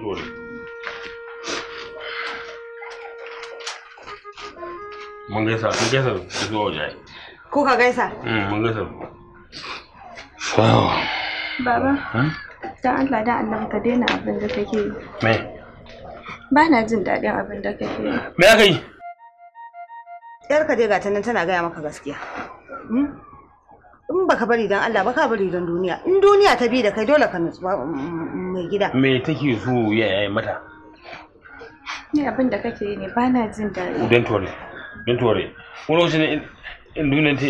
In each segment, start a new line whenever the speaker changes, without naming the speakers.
тоже. Mun gaisa, kun gaisa zuwa waje. Ko ka gaisa? Mun gaisa. Baba, don Allah da Allah ka daina abin da kake yi. Me? Ba na jin daɗin abin da kake yi. Me aka yi? Yarka dai gata nan tana gaya maka gaskiya. in baka bari don Allah baka bari don duniya in duniya ta bi da kai dole ka nutsu mm, mm, mai gida me take so ya yayi mata ne abin da kake yi ne ba na jin daɗi don tore don tore wani wasu ne in duniya ta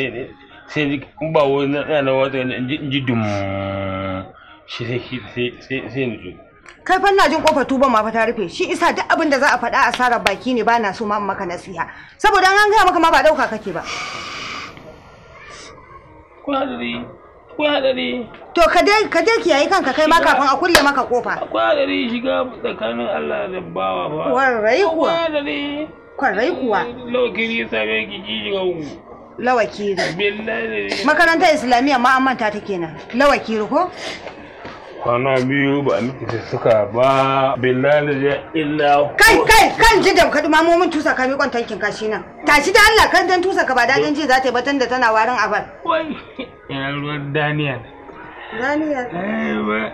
sai ji in ba wani na tsaya na wata in ji dum shi sai sai nutsu kai fa ina jin kofar tuban ma fa ta rufe shi isa duk abin da za a faɗa asarar baki ne ba na so ma maka nasiha saboda an gaya maka ma ba ɗauka kake ba akwai hadari akwai hadari to ka dai ka dai kiyaye kanka kai ma kafin a kulle maka kofa akwai hadari shiga tsakanin Allah da bawa ba warai kuwa akwai hadari kwarai kuwa lawakiri ya same ki jiji lawakiri makarantar islamiyya ma an manta ta kenan lawakiri ko kwana biyu ba a miki suka ba billahi ya illa kai kai kan ji da kadu mamomin tusa ka mi kwantankin kashi nan tashi da Allah kan dan tusa ka ba dadin ji za ta yi batan da tana warin abar wai ina ruwan daniel eh,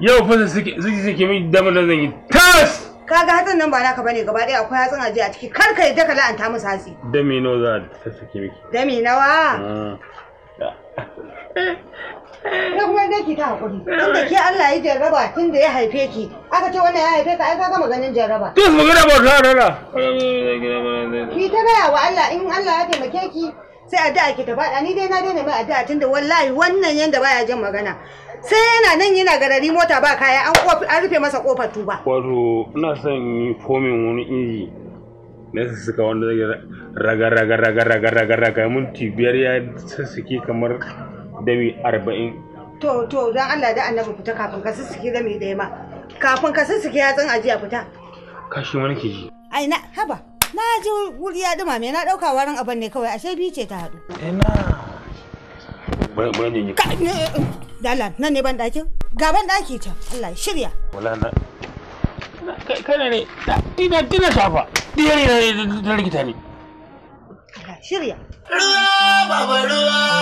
yau fa suke suke suke min dama da zan yi tas kaga hatsin nan ba naka bane gaba daya akwai hatsin ajiya a ciki kar ka yadda ka la'anta musu hatsi dami nawa za ta sake miki dami nawa mm. na kuma dai ki ta hakuri tunda ke Allah ya jarraba tun da ya haife ki aka ce wannan ya haife ka ai ka gama ganin jarraba to su magana ba ta rara ki ta gaya wa Allah in Allah ya taimake ki sai addu'a ki ta faɗa ni dai na daina mai addu'a tunda wallahi wannan yanda baya jin magana sai yana nan yana garari mota ba kaya an an rufe masa kofar tuba wato ina son yi komin wani inji na sussuka wanda zai raga raga raga raga raga raga minti biyar ya sussuke kamar dawi arba'in to to don Allah da annabi fita kafin ka sussuke da mai ɗaya ma kafin ka sussuke yatsun ajiya fita kashi wani ke ji ai na haba na ji wuri ya dima me na ɗauka warin abin ne kawai ashe biyu ce ta haɗu ina bari ne dala nan ne ban ɗakin ga ban ɗaki ta Allah shirya wala na kana ne ina dina shafa diyar ne da rikita ne shirya ruwa baba ruwa